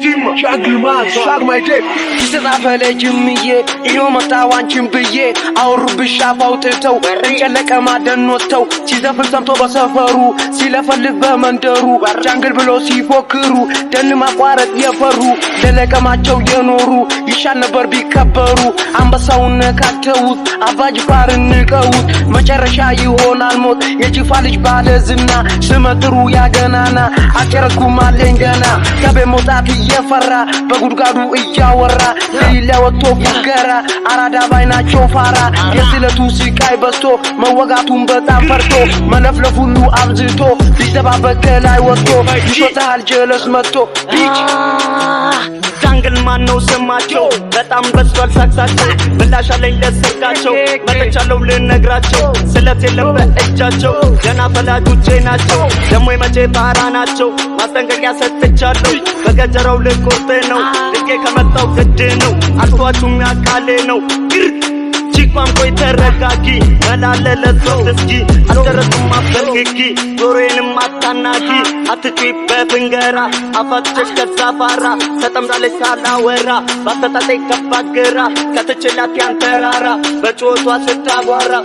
Jim ሻግልማት ሻግ ማይቴ ስትጣፈለጅምዬ ይኸው መጣሁ አንቺን ብዬ አወሩብሽ ሻፍ እንጨለቀ ማደን ወጥተው ሲዘፍን ሰምቶ በሰፈሩ ሲለፈልፍ በመንደሩ ጃንግል ብሎ ሲፎክሩ ደን ማቋረጥ የፈሩ ደለቀማቸው የኖሩ ይሻል ነበር ቢከበሩ አንበሳውን ነካተውት አባ ጅፋርን ንቀውት መጨረሻ ይሆናል ሞት የጅፋ ልጅ ባለ ዝና ስመጥሩ ያገናና አልጨረስኩም ገና ከቤት መውጣት እየፈራ እየበራ በጉድጓዱ እያወራ ሌሊላ ወጥቶ ጉገራ አራዳ ባይናቸው ፋራ የስለቱ ስቃይ በዝቶ መወጋቱን በጣም ፈርቶ መለፍለፍ ሁሉ አብዝቶ ቢደባበቅ ከላይ ወጥቶ ይሾታል ጀለስ መጥቶ ቢጭ ግን ማን ነው ስማቸው? በጣም በዝቷል ሳቅሳቸው። ምላሽ አለኝ ለሰርካቸው መጥቻለሁ ልነግራቸው ስለት የለም በእጃቸው ገና ፈላጆቼ ናቸው ደሞ የመቼ ባራ ናቸው። ማስጠንቀቂያ ሰጥቻለሁ በገጀራው ልቆርጥ ነው ልኬ ከመጣው ግድ ነው አልፏችሁም ያቃሌ ነው ግር ቺኳን ቆይ ተረጋጊ መላለለሰው እስኪ አልደረስም አፈልግጊ ጆሮዬንም አታናጊ አትጩይበት እንገራ አፋትሽ ከዛፋራ ተጠምዳለች ሳላወራ ባተጣጣይ ከባድ ከትችላት ያን ተራራ በጩኸቷ ስታቧራ